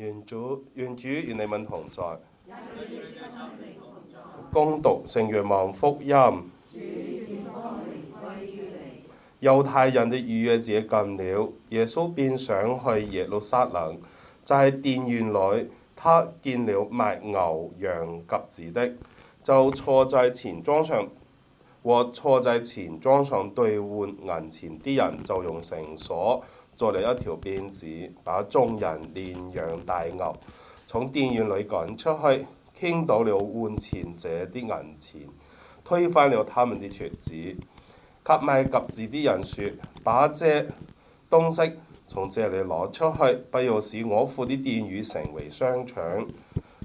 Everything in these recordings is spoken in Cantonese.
願主願主願與你們同在，恭讀聖若望福音。猶太人的逾越節近了，耶穌便想去耶路撒冷。就喺殿院裏，他見了賣牛羊鴿子的，就坐在錢莊上和坐在錢莊上兌換銀錢啲人，就用繩索。做了一條鞭子，把眾人連羊帶牛從殿院裏趕出去，傾倒了換錢者啲銀錢，推翻了他們啲桌子，及賣鴿子啲人說：把這東西從這裏攞出去，不要使我父啲殿宇成為商場。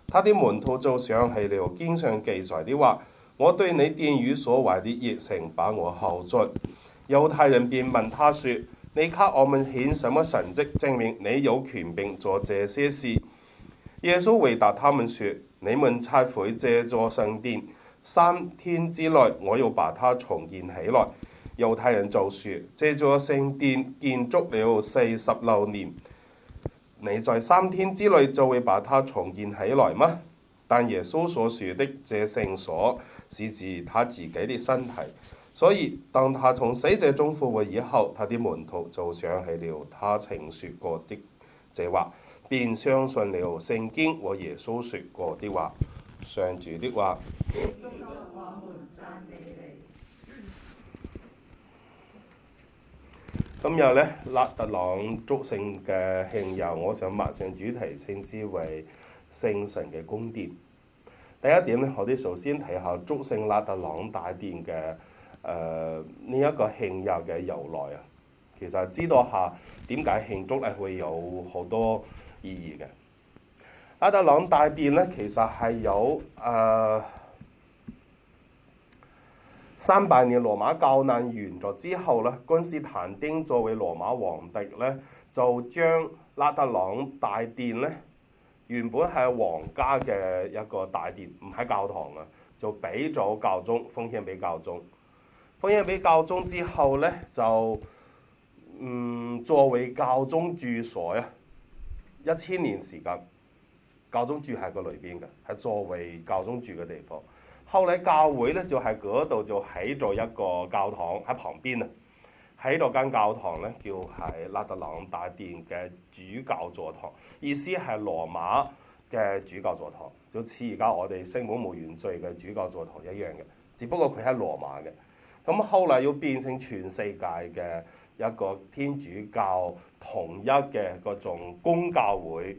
他啲門徒就想起了，經常記載啲話：我對你殿宇所懷啲熱誠，把我耗盡。猶太人便問他說：你給我們顯什麼神跡，證明你有權柄做這些事？耶穌回答他們說：你們拆毀這座聖殿，三天之內，我要把它重建起來。猶太人就說：這座聖殿建築了四十六年，你在三天之內就會把它重建起來嗎？但耶穌所說的這聖所是指他自己的身體。所以，當他從死者中復活以後，他的門徒就想起了他曾說過的這話，便相信了聖經和耶穌說過的話。上主的話。今日呢，拉特朗祝聖嘅慶遊，我想默上主題稱之為聖神嘅宮殿。第一點呢，我哋首先睇下祝聖拉特朗大殿嘅。誒呢一個慶日嘅由來啊，其實知道下點解慶祝係會有好多意義嘅。拉特朗大殿咧，其實係有誒、呃、三百年羅馬教難完咗之後咧，君士坦丁作為羅馬皇帝咧，就將拉特朗大殿咧，原本係皇家嘅一個大殿，唔喺教堂啊，就俾咗教宗，奉獻俾教宗。封印俾教宗之後咧，就嗯作為教宗住所呀，一千年時間，教宗住喺個裏邊嘅，係作為教宗住嘅地方。後來教會咧就喺嗰度就起咗一個教堂喺旁邊啊，喺度間教堂咧叫係拉特朗大殿嘅主教座堂，意思係羅馬嘅主教座堂，就好似而家我哋聖母無原罪嘅主教座堂一樣嘅，只不過佢喺羅馬嘅。咁後嚟要變成全世界嘅一個天主教統一嘅嗰種公教會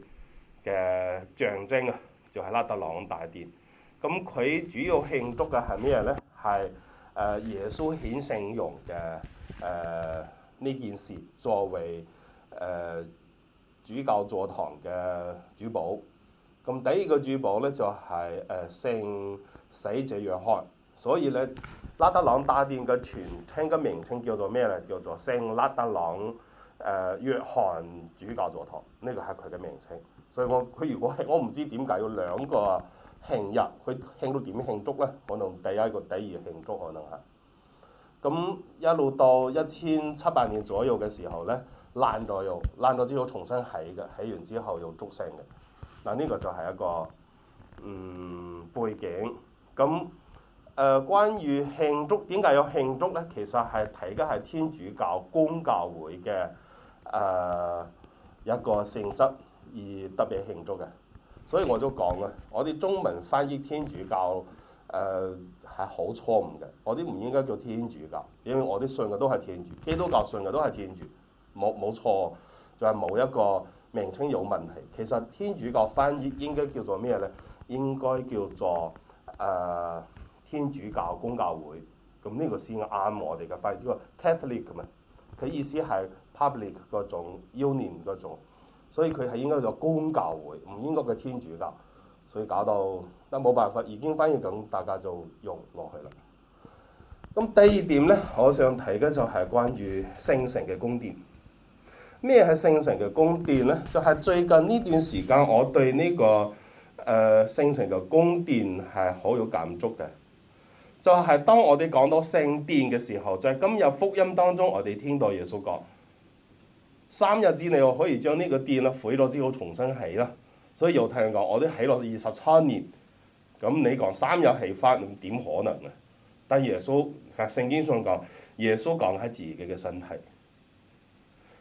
嘅象徵啊，就係、是、拉特朗大殿。咁佢主要慶祝嘅係咩咧？係誒耶穌顯聖容嘅誒呢件事，作為誒、呃、主教座堂嘅主保。咁、呃、第二個主保咧就係誒聖洗者若翰。所以咧，拉特朗大殿嘅全稱嘅名稱叫做咩咧？叫做聖拉特朗誒約翰主教座堂。呢、這個係佢嘅名稱。所以我佢如果係我唔知點解要兩個慶日，佢慶到點慶祝咧？可能第一個、第二慶祝可能係咁一路到一千七百年左右嘅時候咧爛咗又爛咗之後重新起嘅，起完之後又祝聖嘅。嗱呢、這個就係一個嗯背景咁。誒、呃，關於慶祝點解有慶祝咧？其實係睇緊係天主教公教，教，教會嘅誒、呃、一個性質而特別慶祝嘅。所以我都講啊，我啲中文翻譯天主教誒係好錯誤嘅。我啲唔應該叫天主教，因為我啲信嘅都係天主，基督教信嘅都係天主，冇冇錯？就係、是、冇一個名稱有問題。其實天主教翻譯應該叫做咩咧？應該叫做誒。呃天主教公教會咁呢、呢個先啱我哋嘅，因為呢個 Catholic 嘛，佢意思係 public 嗰種 union 嗰種，所以佢係應該做公教會，唔應該嘅天主教，所以搞到都冇辦法。已經翻譯緊，大家就用落去啦。咁第二點咧，我想提嘅就係關於聖城嘅宮殿。咩係聖城嘅宮殿咧？就係、是、最近呢段時間，我對呢、呢個誒聖城嘅宮殿係好有感觸嘅。就係當我哋講到聖殿嘅時候，就係今日福音當中，我哋聽到耶穌講：三日之內我可以將呢個殿啊毀咗之後重新起啦。所以又聽講我哋起咗二十七年，咁你講三日起翻點可能啊？但耶穌係聖經上講，耶穌講喺自己嘅身體。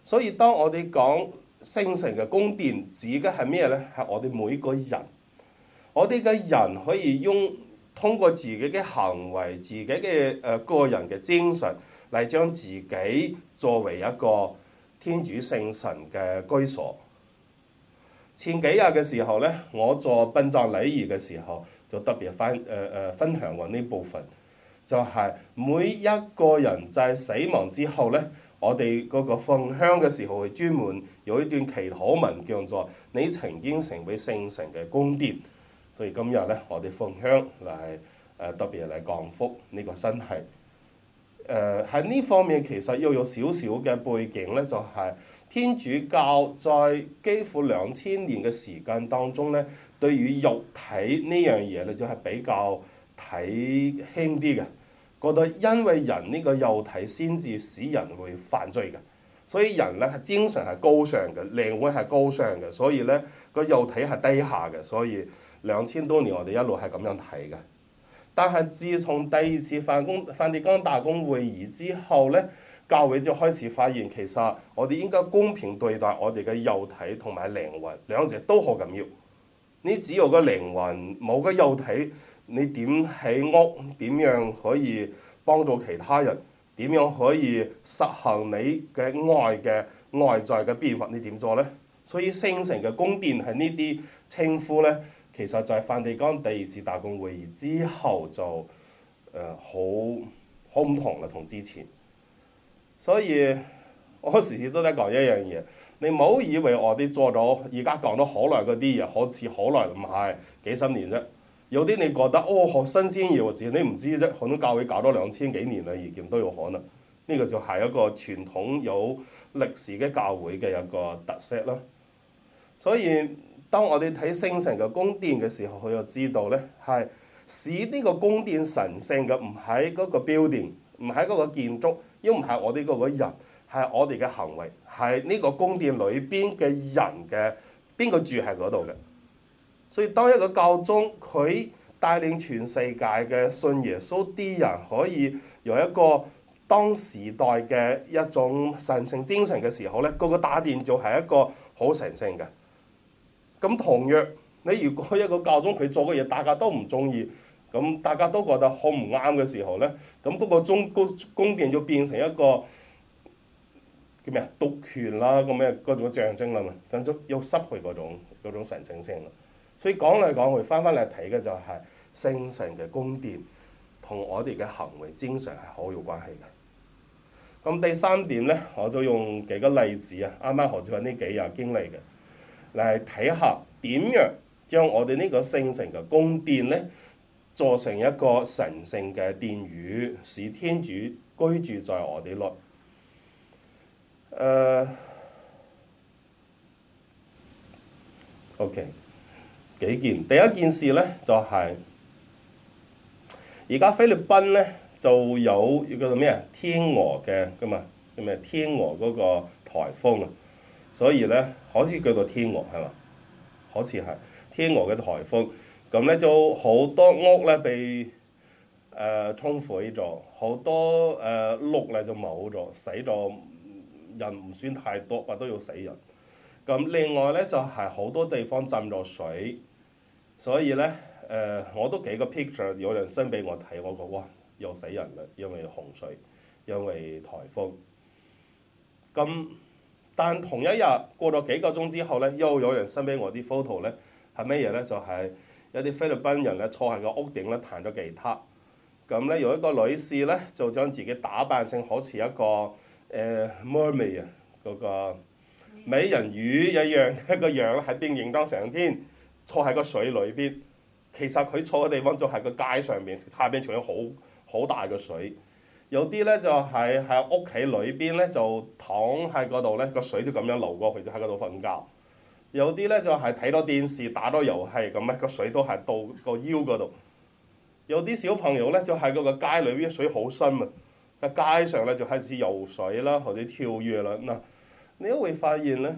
所以當我哋講聖城嘅宮殿指嘅係咩咧？係我哋每個人，我哋嘅人可以用。通過自己嘅行為、自己嘅誒、呃、個人嘅精神，嚟將自己作為一個天主聖神嘅居所。前幾日嘅時候咧，我做殯葬禮儀嘅時候，就特別分誒誒分享過呢部分，就係、是、每一個人在死亡之後咧，我哋嗰個奉香嘅時候會專門有一段祈禱文叫做：你曾經成為聖神嘅宮殿。所以今日咧，我哋奉香嚟誒、呃、特別嚟降福呢個身體。誒喺呢方面其實要有少少嘅背景咧，就係、是、天主教在幾乎兩千年嘅時間當中咧，對於肉體呢樣嘢咧就係、是、比較睇輕啲嘅，覺得因為人呢個肉體先至使人會犯罪嘅，所以人咧係精神係高尚嘅，靈魂係高尚嘅，所以咧個肉體係低下嘅，所以。兩千多年，我哋一路係咁樣睇嘅。但係自從第二次梵、梵蒂岡大公會議之後咧，教會就開始發現，其實我哋應該公平對待我哋嘅幼體同埋靈魂，兩者都好緊要。你只有個靈魂，冇個幼體，你點起屋？點樣可以幫助其他人？點樣可以實行你嘅愛嘅外在嘅變法？你點做咧？所以聖城嘅宮殿係呢啲稱呼咧。其實就係梵蒂岡第二次大公會議之後就誒好唔同啦，呃、同之前。所以我時時都在講一樣嘢，你冇以為我哋做到而家講咗好耐嗰啲嘢，好似好耐，唔係幾十年啫。有啲你覺得哦好新鮮嘢，自己你唔知啫。可能教會搞咗兩千幾年啦，意見都有可能。呢個就係一個傳統有歷史嘅教會嘅一個特色啦。所以。當我哋睇聖神嘅宮殿嘅時候，佢就知道咧，係使呢個宮殿神聖嘅，唔喺嗰個 building，唔喺嗰個建築，亦唔係我哋嗰個人，係我哋嘅行為，係呢個宮殿裏邊嘅人嘅邊個住喺嗰度嘅。所以當一個教宗佢帶領全世界嘅信耶穌啲人可以有一個當時代嘅一種神聖精神嘅時候咧，個個打電就係一個好神聖嘅。咁同樣你如果一個教宗佢做嘅嘢大家都唔中意，咁大家都覺得好唔啱嘅時候咧，咁嗰個中宮宮殿就變成一個叫咩啊獨權啦咁咩嗰種象徵啦嘛，咁就又失去嗰種嗰種神聖性啦。所以講嚟講去，翻翻嚟睇嘅就係聖神嘅宮殿同我哋嘅行為精神係好有關係嘅。咁第三點咧，我就用幾個例子啊，啱啱何志任呢幾日經歷嘅。嚟睇下點樣將我哋呢個聖城嘅宮殿咧，做成一個神聖嘅殿宇，使天主居住在我哋內。誒、呃，OK，幾件？第一件事咧就係而家菲律賓咧就有叫做咩啊？天鵝嘅咁啊，叫咩天鵝嗰個颱風啊，所以咧。好似叫做天鵝係嘛？好似係天鵝嘅颱風，咁咧就好多屋咧被誒沖，呃、毀咗，好多誒屋咧就冇咗，死咗人唔算太多，但都要死人。咁另外咧就係，是，好多地方浸咗水，所以咧誒，呃、我都幾個 picture 有人 send 俾我睇，我講哇又死人啦，因為洪水，因為颱風。咁但同一日過咗幾個鐘之後咧，又有人 send 俾我啲 photo 咧，係乜嘢咧？就係、是、一啲菲律賓人咧坐喺個屋頂咧彈咗吉他。咁咧有一個女士咧就將自己打扮成好似一個誒、呃、mermaid 啊嗰個美人魚一樣，一個樣喺邊影張相添，坐喺個水裏邊。其實佢坐嘅地方就係個街上面，下邊仲有好好大嘅水。有啲咧就係喺屋企裏邊咧就躺喺嗰度咧個水都咁樣流過去，就喺嗰度瞓覺。有啲咧就係睇到電視、打到遊戲咁咧個水都係到個腰嗰度。有啲小朋友咧就喺個街裏邊水好深啊！喺街上咧就開始游水啦，或者跳躍啦嗱。你都會發現咧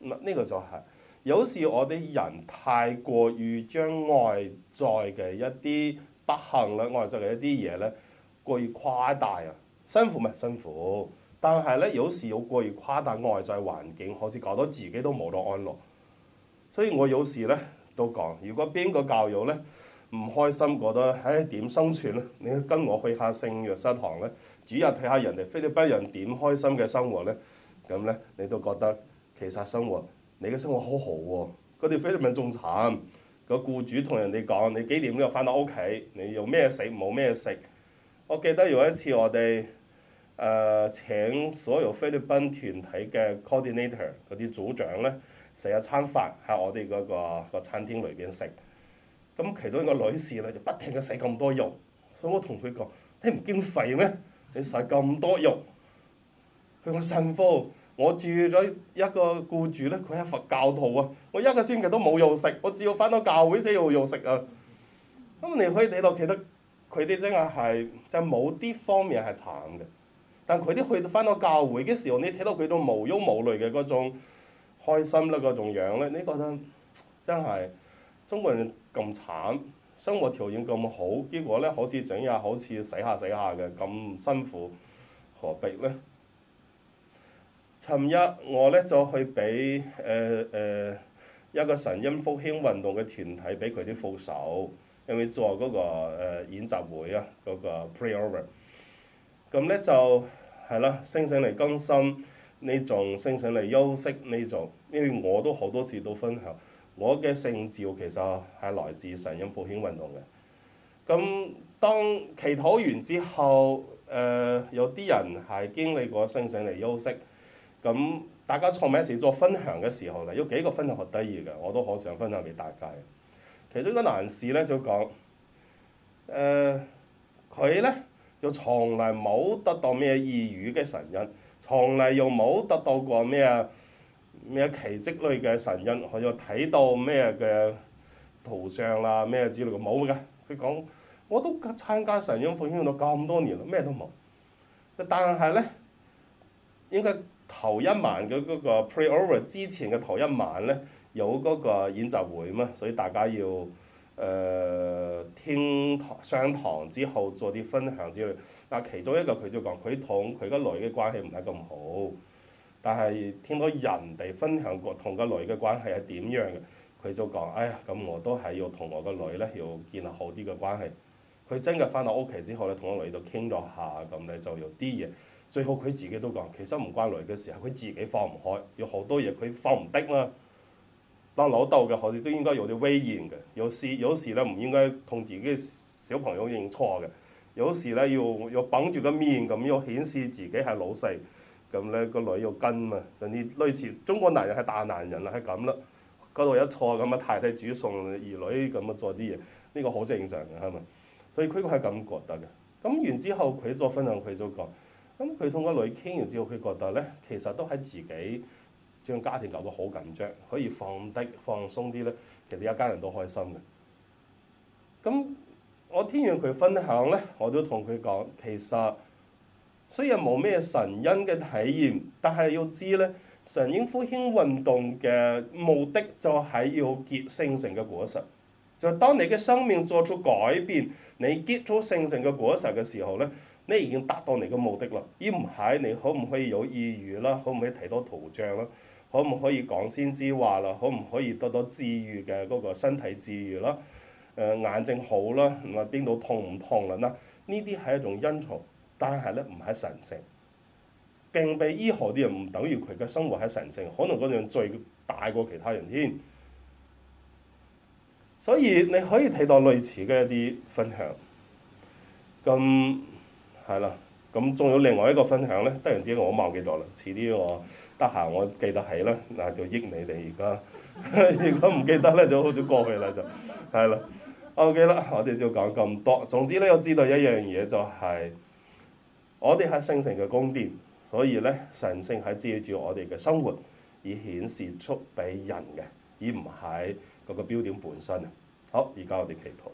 嗱呢個就係有時我哋人太過於將外在嘅一啲不幸啦，外在嘅一啲嘢咧。過於誇大啊！辛苦咪辛苦，但係咧有時又過於誇大外在環境，好似搞到自己都冇咗安樂。所以我有時咧都講，如果邊個教育咧唔開心，覺得唉點、哎、生存咧？你跟我去下聖約瑟堂咧，主任睇下人哋菲律賓人點開心嘅生活咧，咁咧你都覺得其實生活你嘅生活好好、啊、喎。嗰啲菲律賓仲慘個僱主同人哋講：你幾點都要翻到屋企，你有咩食冇咩食？我記得有一次我哋誒、呃、請所有菲律賓團體嘅 coordinator 嗰啲組長咧食一餐飯，喺我哋嗰、嗰個嗰個餐廳裏邊食，咁其中一個女士咧就不停嘅食咁多肉，所以我同佢講：你唔驚肥咩？你食咁多肉。佢講：神父，我住咗一個僱主咧，佢係佛教徒啊，我一個星期都冇肉食，我只要翻到教會先有肉食啊。咁你可以睇到其實。佢哋真係係即冇啲方面係慘嘅，但佢哋去翻到教會嘅時候，你睇到佢種無憂無慮嘅嗰種開心啦，嗰種樣咧，你覺得真係中國人咁慘，生活條件咁好，結果咧好似整日好似死下死下嘅咁辛苦，何必咧？尋日我咧就去俾誒誒一個神音復興運動嘅團體俾佢啲副手。有因為做嗰、那個、呃、演奏會啊，嗰、那個 p r e o r d e r 咁咧就係啦，升上嚟更新呢，仲升上嚟休息呢，仲因為我都好多次都分享，我嘅聖召，其實係來自神恩復興運動嘅。咁當祈禱完之後，誒、呃、有啲人係經歷過升上嚟休息，咁大家坐埋一齊做分享嘅時候咧，有幾個分享好得意嘅，我都好想分享俾大家。其中一個男士咧就講：誒、呃，佢咧就從來冇得到咩異語嘅神恩，從來又冇得到過咩咩奇蹟類嘅神恩，佢又睇到咩嘅圖像啦、啊、咩之類冇嘅。佢講：我都參加神恩奉獻咗咁多年啦，咩都冇。但係咧，應該頭一晚嘅嗰個 pre over 之前嘅頭一晚咧。有嗰個演習會嘛，所以大家要誒、呃、聽堂、上堂之後做啲分享之類。啊，其中一個佢就講，佢同佢個女嘅關係唔係咁好，但係聽到人哋分享過同個女嘅關係係點樣嘅，佢就講：哎呀，咁我都係要同我個女咧要建立好啲嘅關係。佢真嘅翻到屋企之後咧，同個女度傾咗下，咁你就有啲嘢。最後佢自己都講，其實唔關女嘅事，係佢自己放唔開，有好多嘢佢放唔得嘛。當老豆嘅好似都應該有啲威嚴嘅，有時有時咧唔應該同自己小朋友認錯嘅，有時咧要要繃住個面咁要顯示自己係老細，咁咧個女要跟嘛，就似類似中國男人係大男人啦，係咁啦，嗰度有錯咁啊，太太煮餸兒女咁啊做啲嘢，呢個好正常嘅係嘛？所以佢個係咁覺得嘅。咁完之後佢再分享佢就講，咁佢同個女傾完之後，佢覺得咧其實都係自己。將家庭搞到好緊張，可以放低、放鬆啲咧，其實一家人都開心嘅。咁我聽完佢分享咧，我都同佢講，其實雖然冇咩神恩嘅體驗，但係要知咧，神恩復興運動嘅目的就係要結聖神嘅果實。就是、當你嘅生命作出改變，你結咗聖神嘅果實嘅時候咧，你已經達到你嘅目的啦。而唔係你可唔可以有意願啦，可唔可以睇到圖像啦？可唔可以講先知話啦？可唔可以得到治愈嘅嗰、那個身體治愈啦？誒、呃、眼睛好啦，咁啊邊度痛唔痛啦？嗱，呢啲係一種因素，但係咧唔係神聖。病被醫學啲人唔等於佢嘅生活係神聖，可能嗰樣罪大過其他人添。所以你可以睇到類似嘅一啲分享，咁、嗯、係啦。咁仲有另外一個分享咧，突然之間我忘記咗啦，遲啲我得閒我記得起啦，嗱就益你哋而家， 如果唔記得咧就好似過去啦就係啦。OK 啦，我哋就講咁多。總之咧，我知道一樣嘢就係、是、我哋係聖城嘅宮殿，所以咧神聖係借住我哋嘅生活，而顯示出俾人嘅，而唔係嗰個標點本身啊。好，而家我哋祈禱。